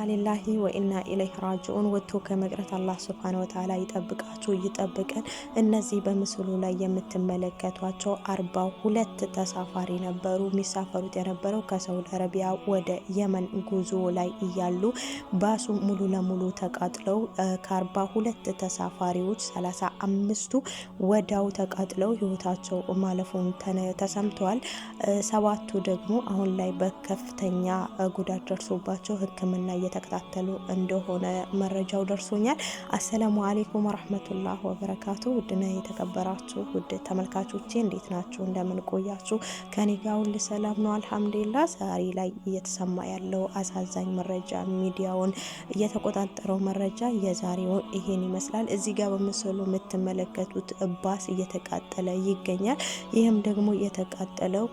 ኢና ሊላሂ ወኢና ኢለይህ ራጂኡን ወጥቶ ከመቅረት አላህ ሱብሓነሁ ወተዓላ ይጠብቃችሁ ይጠብቀን። እነዚህ በምስሉ ላይ የምትመለከቷቸው አርባ ሁለት ተሳፋሪ ነበሩ። የሚሳፈሩት የነበረው ከሳውዲ አረቢያ ወደ የመን ጉዞ ላይ እያሉ ባሱ ሙሉ ለሙሉ ተቃጥለው ከአርባ ሁለት ተሳፋሪዎች ሰላሳ አምስቱ ወዳው ተቃጥለው ህይወታቸው ማለፉን ተሰምተዋል። ሰባቱ ደግሞ አሁን ላይ በከፍተኛ ጉዳት ደርሶባቸው ሕክምና እየተከታተሉ እንደሆነ መረጃው ደርሶኛል። አሰላሙ አሌይኩም ወረህመቱላህ ወበረካቱ። ውድና የተከበራችሁ ውድ ተመልካቾቼ እንዴት ናችሁ? እንደምን ቆያችሁ? ከኔ ጋር ሁሉ ሰላም ነው አልሐምዱሊላ። ዛሬ ላይ እየተሰማ ያለው አሳዛኝ መረጃ ሚዲያውን እየተቆጣጠረው መረጃ የዛሬው ይሄን ይመስላል። እዚህ ጋር በምስሉ የምትመለከቱት ባስ እየተቃጠለ ይገኛል። ይህም ደግሞ የተቃጠለው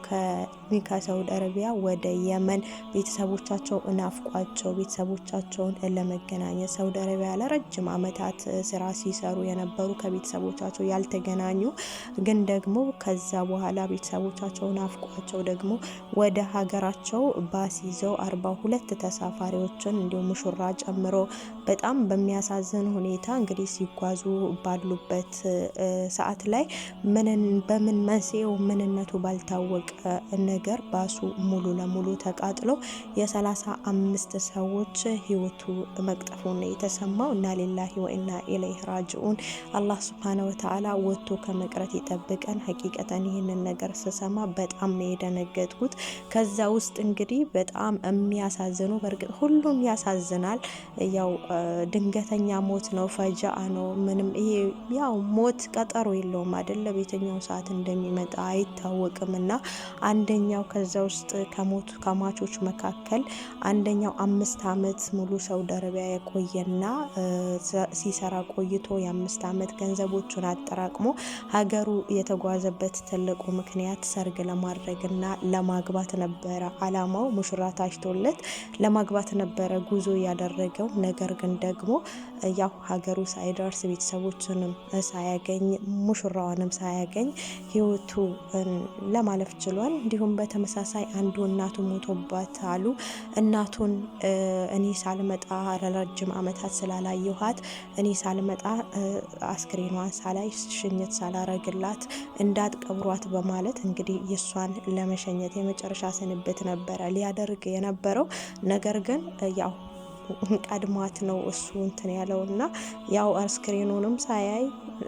ከሳውድ አረቢያ ወደ የመን ቤተሰቦቻቸው እናፍቋቸው ቤተሰቦ ቤተሰቦቻቸውን ለመገናኘት ሳውዲ አረቢያ ለረጅም ዓመታት ስራ ሲሰሩ የነበሩ ከቤተሰቦቻቸው ያልተገናኙ ግን ደግሞ ከዛ በኋላ ቤተሰቦቻቸውን አፍቋቸው ደግሞ ወደ ሀገራቸው ባስ ይዘው አርባ ሁለት ተሳፋሪዎችን እንዲሁም ሙሽራ ጨምሮ በጣም በሚያሳዝን ሁኔታ እንግዲህ ሲጓዙ ባሉበት ሰዓት ላይ ምንን በምን መንስኤው ምንነቱ ባልታወቀ ነገር ባሱ ሙሉ ለሙሉ ተቃጥሎ የሰላሳ አምስት ሰዎች ህይወቱ መቅጠፉን የተሰማው እና ሊላሂ ወኢና ኢለይህ ራጅኡን። አላህ ስብሃነ ወተዓላ ወጥቶ ከመቅረት ይጠብቀን። ሀቂቀተን ይህንን ነገር ስሰማ በጣም ነው የደነገጥኩት። ከዛ ውስጥ እንግዲህ በጣም የሚያሳዝኑ በእርግጥ ሁሉም ያሳዝናል። ያው ድንገተኛ ሞት ነው፣ ፈጃአ ነው። ምንም ይሄ ያው ሞት ቀጠሮ የለውም አይደለ? በየትኛው ሰዓት እንደሚመጣ አይታወቅም። እና አንደኛው ከዛ ውስጥ ከሞቱ ከሟቾች መካከል አንደኛው አምስት ዓመት አመት ሙሉ ሳውዲ አረቢያ የቆየና ሲሰራ ቆይቶ የአምስት ዓመት ገንዘቦቹን አጠራቅሞ ሀገሩ የተጓዘበት ትልቁ ምክንያት ሰርግ ለማድረግና ለማግባት ነበረ። አላማው ሙሽራ ታጭቶለት ለማግባት ነበረ ጉዞ ያደረገው። ነገር ግን ደግሞ ያው ሀገሩ ሳይደርስ ቤተሰቦችንም ሳያገኝ ሙሽራዋንም ሳያገኝ ህይወቱ ለማለፍ ችሏል። እንዲሁም በተመሳሳይ አንዱ እናቱ ሞቶባት አሉ። እናቱን እኔ ሳልመጣ ረረጅም አመታት ስላላየኋት እኔ ሳልመጣ አስክሬኗን ሳላይ ሽኝት ሳላረግላት እንዳትቀብሯት በማለት እንግዲህ የእሷን ለመሸኘት የመጨረሻ ስንብት ነበረ ሊያደርግ የነበረው ነገር ግን ያው ቀድሟት ነው እሱ እንትን ያለው እና ያው አስክሬኑንም ሳያይ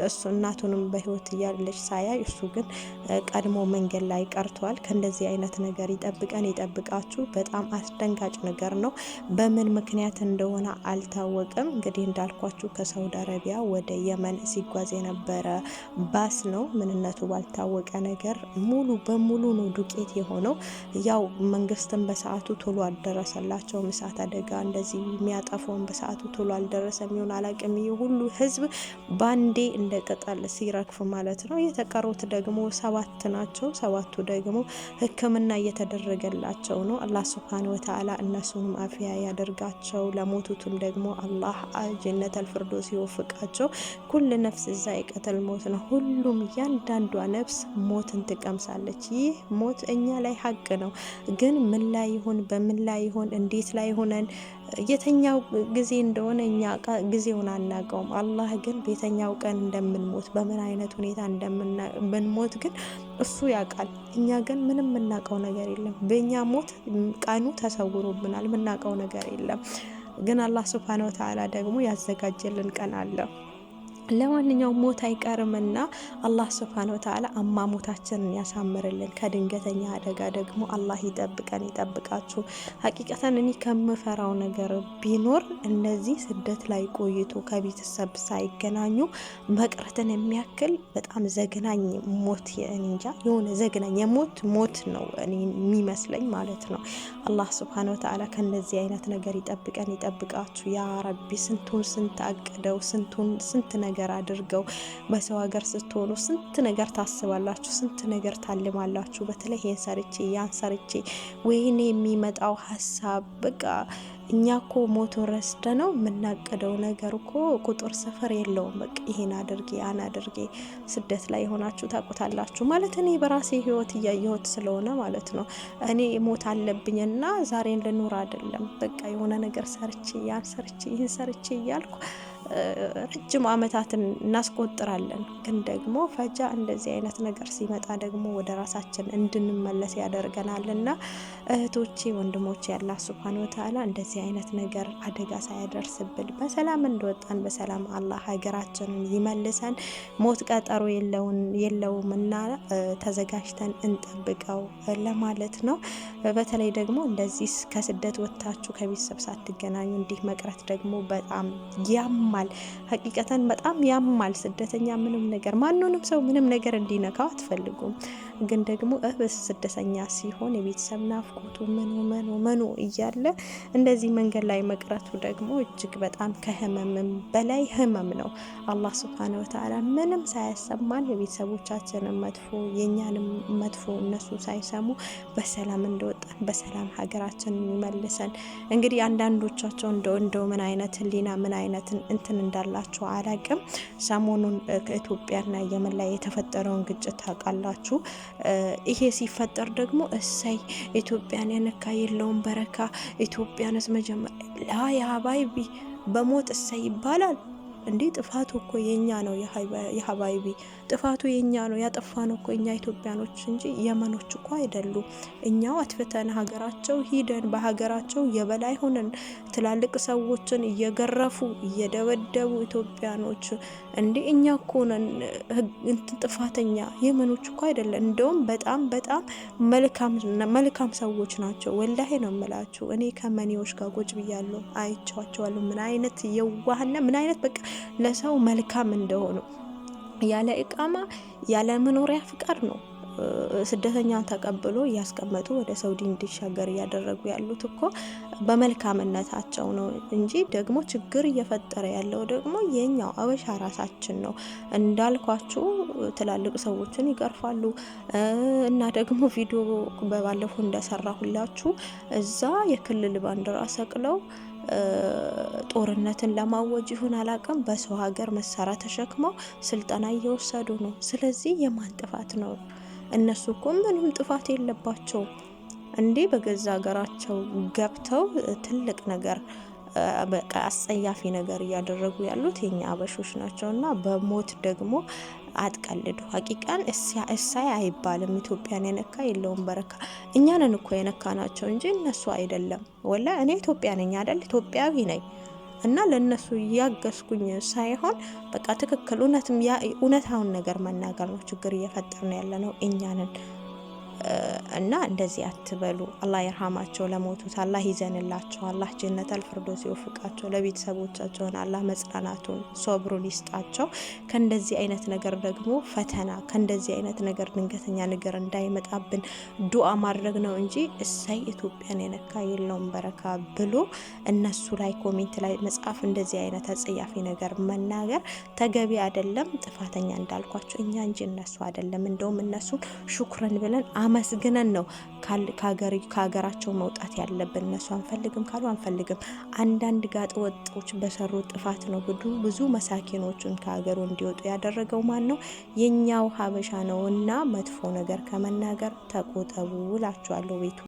እሱ እናቱንም በህይወት እያለች ሳያይ እሱ ግን ቀድሞ መንገድ ላይ ቀርቷል። ከእንደዚህ አይነት ነገር ይጠብቀን ይጠብቃችሁ። በጣም አስደንጋጭ ነገር ነው። በምን ምክንያት እንደሆነ አልታወቅም። እንግዲህ እንዳልኳችሁ ከሳውዲ አረቢያ ወደ የመን ሲጓዝ የነበረ ባስ ነው። ምንነቱ ባልታወቀ ነገር ሙሉ በሙሉ ነው ዱቄት የሆነው። ያው መንግስትን በሰዓቱ ቶሎ አልደረሰላቸውም። እሳት አደጋ እንደዚህ የሚያጠፋውን በሰዓቱ ቶሎ አልደረሰም የሚሆን አላቅም። ሁሉ ህዝብ ባንዴ እንደ ቅጠል ሲረግፍ ማለት ነው። የተቀሩት ደግሞ ሰባት ናቸው። ሰባቱ ደግሞ ሕክምና እየተደረገላቸው ነው። አላህ ስብሃነ ወተዓላ እነሱንም አፍያ ያደርጋቸው። ለሞቱትም ደግሞ አላህ ጀነት አልፍርዶስ ይወፍቃቸው። ኩል ነፍስ እዛ የቀተል ሞት ነው። ሁሉም እያንዳንዷ ነፍስ ሞትን ትቀምሳለች። ይህ ሞት እኛ ላይ ሀቅ ነው። ግን ምን ላይ ይሆን በምን ላይ ይሆን እንዴት ላይ ሆነን የተኛው ጊዜ እንደሆነ እኛ ጊዜውን አናውቀውም። አላህ ግን በየተኛው ቀን እንደምንሞት በምን አይነት ሁኔታ እንደምንሞት ግን እሱ ያውቃል። እኛ ግን ምንም የምናውቀው ነገር የለም። በእኛ ሞት ቀኑ ተሰውሮብናል። የምናውቀው ነገር የለም። ግን አላህ ስብሐነ ወተዓላ ደግሞ ያዘጋጀልን ቀን አለ። ለማንኛውም ሞት አይቀርምና አላህ ስብሃነ ወተዓላ አሟሟታችንን ያሳምርልን። ከድንገተኛ አደጋ ደግሞ አላህ ይጠብቀን ይጠብቃችሁ። ሀቂቀተን እኔ ከምፈራው ነገር ቢኖር እነዚህ ስደት ላይ ቆይቶ ከቤተሰብ ሳይገናኙ መቅረትን የሚያክል በጣም ዘግናኝ ሞት እንጃ፣ የሆነ ዘግናኝ የሞት ሞት ነው የሚመስለኝ ማለት ነው። አላህ ስብሃነ ወተዓላ ከነዚህ አይነት ነገር ይጠብቀን ይጠብቃችሁ። ያ ረቢ ስንቱን ስንት አቅደው ስንቱን ስንት ነገር ነገር አድርገው። በሰው ሀገር ስትሆኑ ስንት ነገር ታስባላችሁ፣ ስንት ነገር ታልማላችሁ። በተለይ ይህን ሰርቼ ያን ሰርቼ ወይኔ የሚመጣው ሀሳብ በቃ እኛ ኮ ሞቶ ረስደ ነው የምናቅደው ነገር እኮ ቁጥር ስፍር የለውም። በቃ ይሄን አድርጌ ያን አድርጌ ስደት ላይ የሆናችሁ ታውቁታላችሁ። ማለት እኔ በራሴ ህይወት እያየሁት ስለሆነ ማለት ነው። እኔ ሞት አለብኝና ዛሬን ልኑር አይደለም። በቃ የሆነ ነገር ሰርቼ ያን ሰርቼ ይህን ሰርቼ እያልኩ ረጅም ዓመታትን እናስቆጥራለን። ግን ደግሞ ፈጃ እንደዚህ አይነት ነገር ሲመጣ ደግሞ ወደ ራሳችን እንድንመለስ ያደርገናል እና እህቶቼ፣ ወንድሞቼ ያላ ሱብሃነ ወተዓላ እንደዚህ አይነት ነገር አደጋ ሳያደርስብን በሰላም እንደወጣን በሰላም አላህ ሀገራችንን ይመልሰን። ሞት ቀጠሮ የለውም እና ተዘጋጅተን እንጠብቀው ለማለት ነው። በተለይ ደግሞ እንደዚህ ከስደት ወጥታችሁ ከቤተሰብ ሳትገናኙ እንዲህ መቅረት ደግሞ በጣም ያማ ያማል። ሀቂቀተን በጣም ያማል። ስደተኛ ምንም ነገር ማንንም ሰው ምንም ነገር እንዲነካው አትፈልጉም። ግን ደግሞ እህብስ ስደተኛ ሲሆን የቤተሰብ ናፍቆቱ መኖ መኖ መኖ እያለ እንደዚህ መንገድ ላይ መቅረቱ ደግሞ እጅግ በጣም ከህመምም በላይ ህመም ነው። አላህ ስብሓነ ወተዓላ ምንም ሳያሰማን የቤተሰቦቻችንን መጥፎ የእኛንም መጥፎ እነሱ ሳይሰሙ በሰላም እንደወጣን በሰላም ሀገራችን ይመልሰን። እንግዲህ አንዳንዶቻቸው እንደው እንደው ምን አይነት ህሊና ምን አይነት እንትን እንዳላችሁ አላቅም። ሰሞኑን ከኢትዮጵያና የመን ላይ የተፈጠረውን ግጭት ታውቃላችሁ። ይሄ ሲፈጠር ደግሞ እሰይ ኢትዮጵያን የነካ የለውም በረካ ኢትዮጵያንስ መጀመሪያ ላያ ባይቢ በሞት እሰይ ይባላል። እንዴ ጥፋቱ እኮ የኛ ነው። የሀባይቢ ጥፋቱ የኛ ነው። ያጠፋ ነው እኮ እኛ ኢትዮጵያኖች እንጂ የመኖች እኮ አይደሉ። እኛው አትፍተን ሀገራቸው ሂደን በሀገራቸው የበላይ ሆነን ትላልቅ ሰዎችን እየገረፉ እየደበደቡ ኢትዮጵያኖች እንዴ እኛ እኮ ነን ጥፋተኛ። የመኖች እኮ አይደለም። እንደውም በጣም በጣም መልካም ሰዎች ናቸው። ወላሄ ነው የምላችሁ። እኔ ከመኔዎች ጋር ጎጭ ብያለሁ፣ አይቸዋቸዋለሁ። ምን አይነት የዋህና ምን አይነት በቃ ለሰው መልካም እንደሆኑ ያለ እቃማ ያለ መኖሪያ ፍቃድ ነው ስደተኛ ተቀብሎ እያስቀመጡ ወደ ሰውዲ እንዲሻገር እያደረጉ ያሉት እኮ በመልካምነታቸው ነው እንጂ ደግሞ ችግር እየፈጠረ ያለው ደግሞ የኛው አበሻ ራሳችን ነው። እንዳልኳችሁ ትላልቅ ሰዎችን ይቀርፋሉ እና ደግሞ ቪዲዮ በባለፉ እንደሰራ ሁላችሁ እዛ የክልል ባንዲራ ሰቅለው ጦርነትን ለማወጅ ይሁን አላቅም፣ በሰው ሀገር መሳሪያ ተሸክመው ስልጠና እየወሰዱ ነው። ስለዚህ የማን ጥፋት ነው? እነሱ እኮ ምንም ጥፋት የለባቸው? እንዴ በገዛ ሀገራቸው ገብተው ትልቅ ነገር በቃ አስጸያፊ ነገር እያደረጉ ያሉት የኛ አበሾች ናቸው እና በሞት ደግሞ አትቀልዱ። ሀቂቃን እሳይ አይባልም። ኢትዮጵያን የነካ የለውም በረካ። እኛንን እኮ የነካ ናቸው እንጂ እነሱ አይደለም። ወላ እኔ ኢትዮጵያ ነኝ አይደል? ኢትዮጵያዊ ነኝ እና ለእነሱ እያገዝኩኝ ሳይሆን በቃ ትክክል እውነትም እውነታውን ነገር መናገር ነው። ችግር እየፈጠርን ያለ ነው እኛንን እና እንደዚህ አትበሉ። አላህ ይርሃማቸው ለሞቱት አላህ ይዘንላቸው፣ አላህ ጀነት አልፍርዶስ ይወፍቃቸው። ለቤተሰቦቻቸውን አላህ መጽናናቱን ሶብሩን ይስጣቸው። ከእንደዚህ አይነት ነገር ደግሞ ፈተና ከእንደዚህ አይነት ነገር ድንገተኛ ነገር እንዳይመጣብን ዱአ ማድረግ ነው እንጂ እሳይ ኢትዮጵያን የነካ የለውም በረካ ብሎ እነሱ ላይ ኮሜንት ላይ መጽሐፍ እንደዚህ አይነት አጸያፊ ነገር መናገር ተገቢ አይደለም። ጥፋተኛ እንዳልኳቸው እኛ እንጂ እነሱ አይደለም። እንደውም እነሱን ሹክረን ብለን አመስግነን ነው ከሀገራቸው መውጣት ያለብን። እነሱ አንፈልግም ካሉ አንፈልግም። አንዳንድ ጋጥ ወጦች በሰሩ ጥፋት ነው ግዱ ብዙ መሳኪኖቹን ከሀገሩ እንዲወጡ ያደረገው ማን ነው? የኛው ሀበሻ ነው። እና መጥፎ ነገር ከመናገር ተቆጠቡ እላችኋለሁ ቤቱ